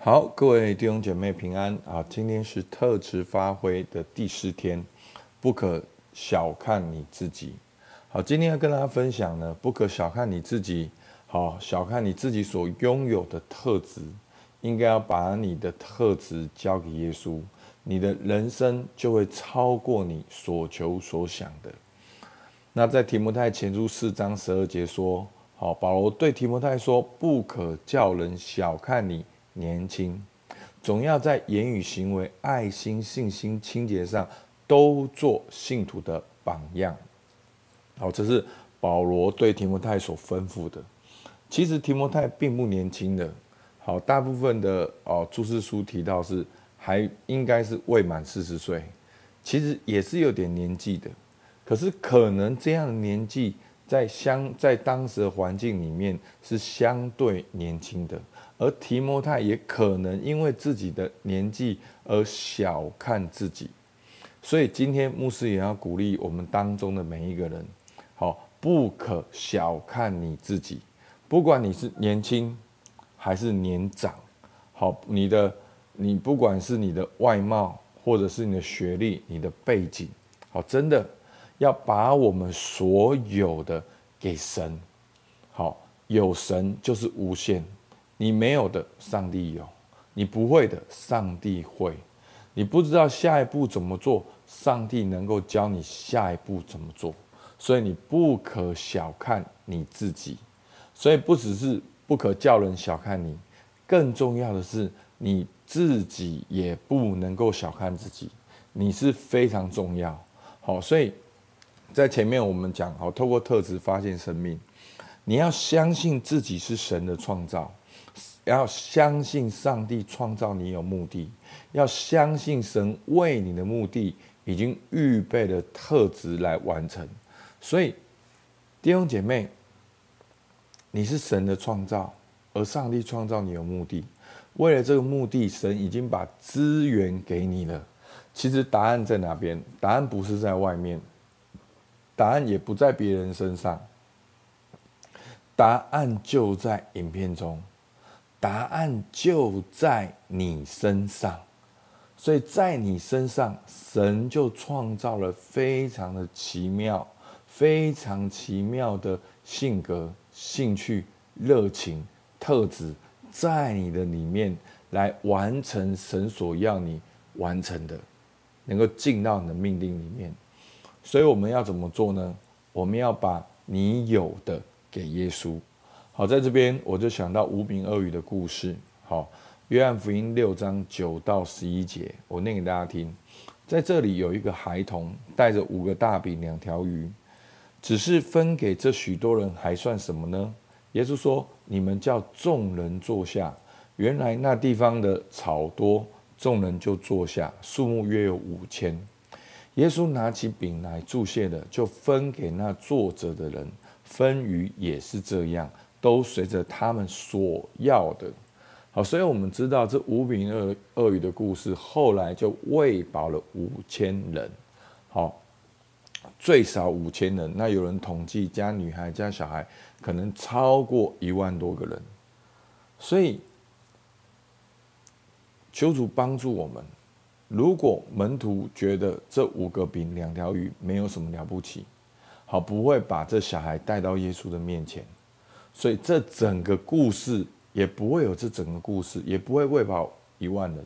好，各位弟兄姐妹平安啊！今天是特質發揮的第四天，不可小看你自己。好，今天要跟大家分享呢，不可小看你自己。好，小看你自己所擁有的特質，應該要把你的特質交給耶穌，你的人生就會超過你所求所想的。那在提摩太前書四章十二節說：“好，保羅對提摩太說，不可叫人小看你。”年輕，總要在言語、行為、愛心、信心、清潔上都做信徒的榜樣。好，這是保羅對提摩太所吩咐的。其實提摩太並不年輕的，好，大部分的哦注釋書提到是還應該是未滿四十歲，其實也是有點年紀的。可是可能這樣的年紀在相在當時的環境裡面是相對年輕的。而提摩太也可能因為自己的年紀而小看自己，所以今天牧師也要鼓勵我們當中的每一個人，好，不可小看你自己，不管你是年輕還是年長，好，你的你不管是你的外貌或者是你的學歷、你的背景，好，真的要把我們所有的給神，好，有神就是無限。你沒有的，上帝有；你不會的，上帝會；你不知道下一步怎麼做，上帝能夠教你下一步怎麼做。所以你不可小看你自己。所以不只是不可叫人小看你，更重要的是你自己也不能夠小看自己。你是非常重要。好，所以在前面我們講好，透過特質發現生命，你要相信自己是神的創造。要相信上帝創造你有目的，要相信神為你的目的已經預備了特質來完成。所以弟兄姐妹，你是神的創造，而上帝創造你有目的。為了這個目的，神已經把資源給你了。其實答案在哪邊？答案不是在外面，答案也不在別人身上，答案就在影片中。答案就在你身上，所以在你身上，神就創造了非常的奇妙、非常奇妙的性格、興趣、熱情、特質，在你的裡面來完成神所要你完成的，能夠進到你的命令裡面。所以我們要怎麼做呢？我們要把你有的給耶穌。好，在這邊我就想到五餅二魚的故事。好，約翰福音六章九到十一節，我念給大家聽。在這裡有一個孩童帶着五個大餅兩條魚，只是分給這許多人還算什麼呢？耶穌說：“你們叫眾人坐下。”原來那地方的草多，眾人就坐下，數目約有五千。耶穌拿起餅來祝謝了，就分給那坐着的人。分魚也是這樣。都隨着他們所要的，好，所以我們知道這五餅二魚的故事，後來就餵飽了五千人，好，最少五千人。那有人統計，加女孩加小孩，可能超過一萬多個人。所以，求主幫助我們。如果門徒覺得這五個餅兩條魚沒有什麼了不起，好，不會把這小孩帶到耶穌的面前。所以這整個故事也不會有這整個故事也不會餵飽一萬人。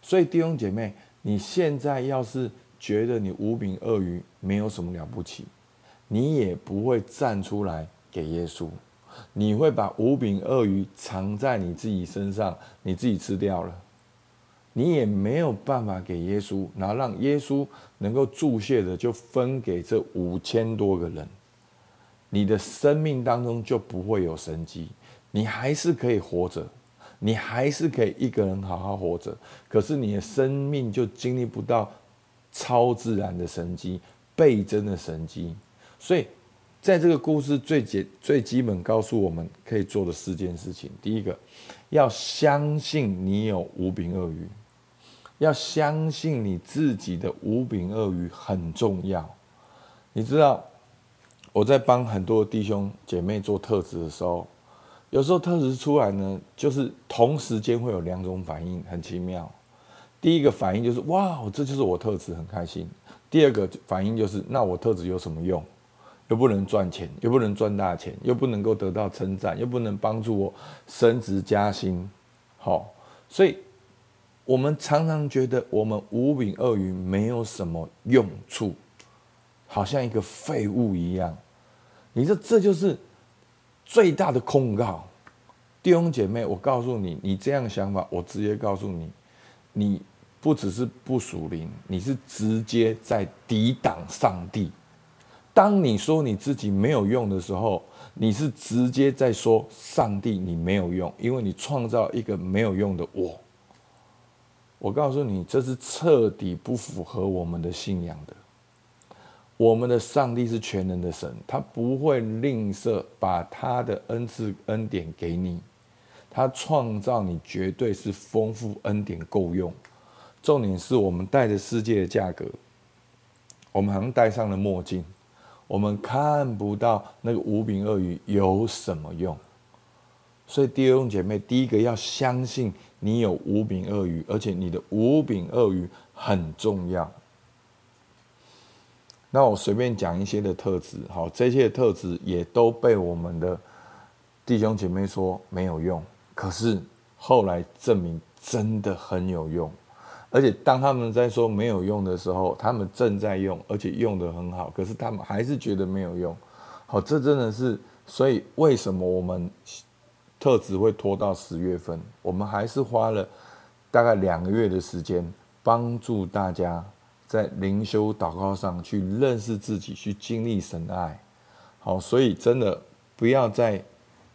所以弟兄姐妹，你現在要是覺得你五餅二魚沒有什麼了不起，你也不會站出來給耶穌，你會把五餅二魚藏在你自己身上，你自己吃掉了，你也沒有辦法給耶穌，然後讓耶穌能夠祝謝的就分給這五千多個人。你的生命當中就不會有神蹟，你還是可以活着，你還是可以一個人好好活着，可是你的生命就經歷不到超自然的神蹟、倍增的神蹟。所以，在這個故事最簡、最基本，告訴我們可以做的四件事情：第一個，要相信你有五餅二魚，要相信你自己的五餅二魚很重要。你知道？我在幫很多弟兄姐妹做特質的時候，有時候特質出來呢，就是同時間會有兩種反應，很奇妙。第一個反應就是哇，這就是我特質，很開心。第二個反應就是，那我特質有什麼用？又不能賺錢，又不能賺大錢，又不能夠得到稱讚，又不能幫助我升職加薪，好、哦，所以我們常常覺得我們五餅二魚沒有什麼用處。好像一個廢物一樣，你說這就是最大的控告。弟兄姐妹，我告訴你，你這樣想法，我直接告訴你，你不只是不屬靈，你是直接在抵擋上帝。當你說你自己沒有用的時候，你是直接在說上帝你沒有用，因為你創造一個沒有用的我。我告訴你，這是徹底不符合我們的信仰的。我們的上帝是全能的神，他不會吝嗇把他的恩賜、恩典給你。他創造你絕對是豐富恩典夠用。重點是我們帶着世界的價格，我們好像戴上了墨鏡，我們看不到那個五餅二魚有什麼用。所以，弟兄姐妹，第一個要相信你有五餅二魚，而且你的五餅二魚很重要。那我隨便講一些的特質，好，這些特質也都被我們的弟兄姐妹說沒有用，可是後來證明真的很有用，而且當他們在說沒有用的時候，他們正在用，而且用得很好，可是他們還是覺得沒有用，好，這真的是，所以為什麼我們特質會拖到十月份？我們還是花了大概兩個月的時間幫助大家。在靈脩禱告上去認識自己，去經歷神愛。好，所以真的不要再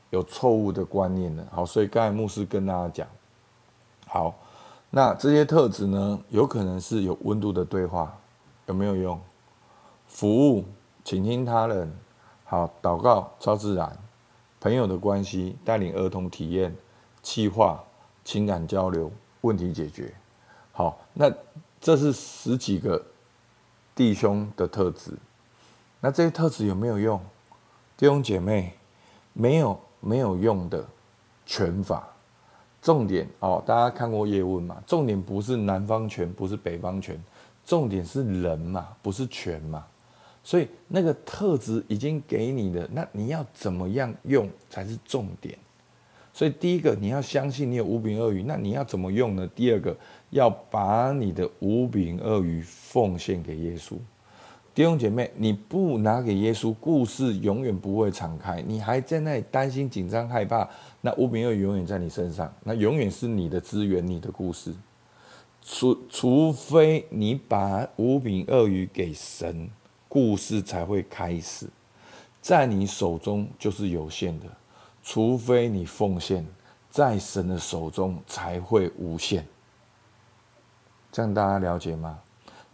有錯誤的觀念了。好，所以蓋牧師跟大家講。好，那這些特質呢，有可能是有溫度的對話，有沒有用？服務、傾聽他人。好，禱告超自然，朋友的關係，帶領兒童體驗、企畫、情感交流、問題解決。好，那。這是十幾個弟兄的特質，那這些特質有沒有用？弟兄姐妹，沒有沒有用的拳法。重點哦，大家看過葉問嗎？重點不是南方拳，不是北方拳，重點是人嘛，不是拳嘛。所以那個特質已經給你的，那你要怎麼樣用才是重點。所以，第一個，你要相信你有五餅二魚，那你要怎麼用呢？第二個，要把你的五餅二魚奉獻給耶穌。弟兄姐妹，你不拿給耶穌，故事永遠不會敞開。你還在那裡擔心、緊張、害怕，那五餅二魚永遠在你身上，那永遠是你的資源、你的故事。除除非你把五餅二魚給神，故事才會開始。在你手中就是有限的。除非你奉獻在神的手中，才會無限。這樣大家了解嗎？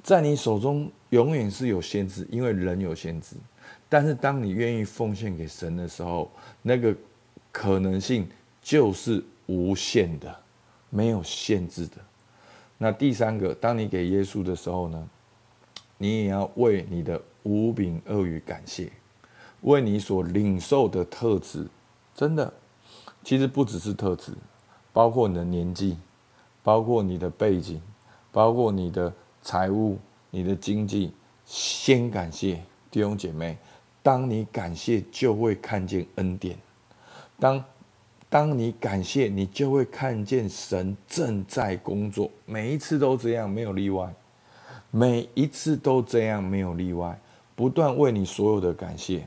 在你手中永遠是有限制，因為人有限制。但是當你願意奉獻給神的時候，那個可能性就是無限的，沒有限制的。那第三個，當你給耶穌的時候呢，你也要為你的五餅二魚感謝，為你所領受的特質。真的，其實不只是特質，包括你的年紀，包括你的背景，包括你的財務、你的經濟。先感謝弟兄姐妹，當你感謝，就會看見恩典；當當你感謝，你就會看見神正在工作。每一次都這樣，沒有例外。每一次都這樣，沒有例外。不斷為你所有的感謝，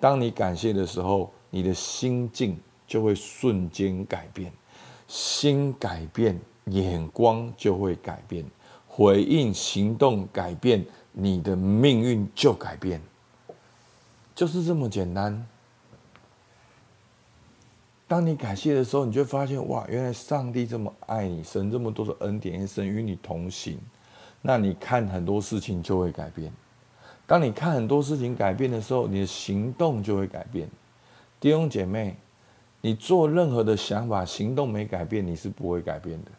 當你感謝的時候，你的心境就會瞬間改變，心改變，眼光就會改變，回應行動改變，你的命運就改變，就是這麼簡單。當你感謝的時候，你就發現哇，原來上帝這麼愛你，神這麼多的恩典，神與你同行。那你看很多事情就會改變。當你看很多事情改變的時候，你的行動就會改變。弟兄姐妹，你做任何的想法、行動沒改變，你是不會改變的。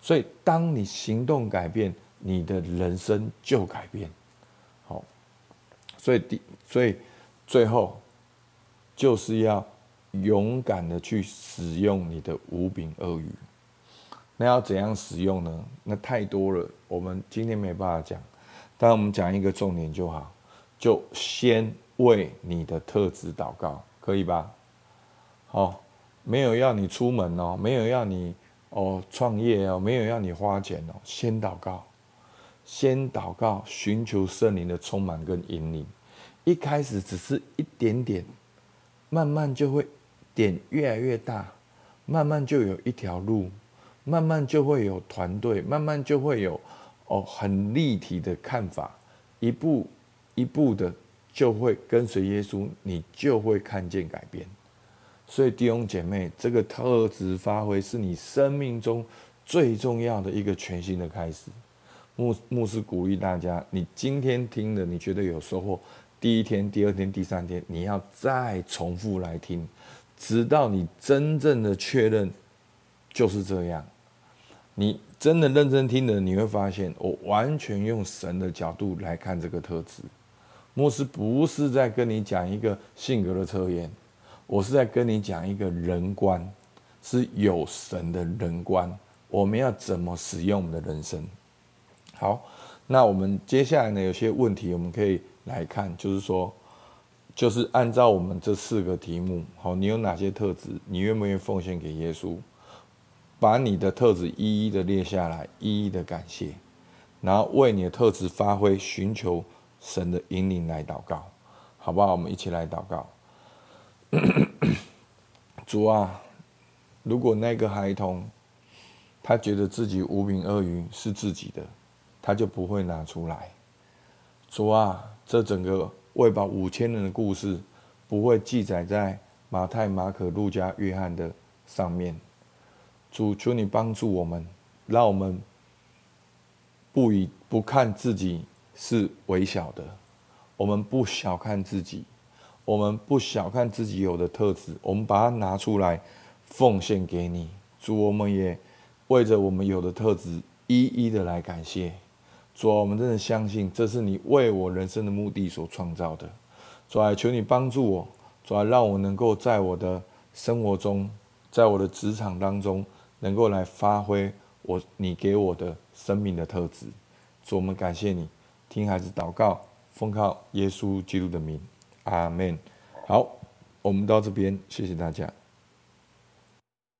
所以，當你行動改變，你的人生就改變。好，所以第，所以最後就是要勇敢的去使用你的五餅二魚。那要怎樣使用呢？那太多了，我們今天沒辦法講。但我們講一個重點就好，就先為你的特質禱告。可以吧？好，沒有要你出門哦，沒有要你哦創業哦，沒有要你花錢哦。先禱告，先禱告，尋求聖靈的充滿跟引領。一開始只是一點點，慢慢就會點越來越大，慢慢就有一條路，慢慢就會有團隊，慢慢就會有哦很立體的看法，一步一步的。就會跟隨耶穌，你就會看見改變。所以弟兄姐妹，這個特質發揮是你生命中最重要的一個全新的開始。牧牧師鼓勵大家，你今天聽的，你覺得有收穫，第一天、第二天、第三天，你要再重複來聽，直到你真正的確認就是這樣。你真的認真聽的，你會發現，我完全用神的角度來看這個特質。牧師不是在跟你講一個性格的測驗，我是在跟你講一個人觀，是有神的人觀。我們要怎麼使用我們的人生？好，那我們接下來呢？有些問題我們可以來看，就是說，就是按照我們這四個題目，好，你有哪些特質？你願不願意奉獻給耶穌？把你的特質一一的列下來，一一的感謝，然後為你的特質發揮，尋求。神的引領來禱告，好不好？我們一起來禱告。 主啊，如果那個孩童他覺得自己五餅二魚是自己的，他就不會拿出來。主啊，這整個餵飽五千人的故事不會記載在馬太、馬可、路加、約翰的上面。主，求你幫助我們，讓我們不以不看自己。是微小的，我們不小看自己，我們不小看自己有的特質，我們把它拿出來奉獻給你。主，我們也為着我們有的特質，一一的來感謝主啊。我們真的相信，這是你為我人生的目的所創造的。主啊，求你幫助我，主啊，讓我能夠在我的生活中，在我的職場當中，能夠來發揮我你給我的生命的特質。主啊，我們感謝你。聽孩子禱告，奉靠耶穌基督的名，阿門。好，我們到這邊，謝謝大家。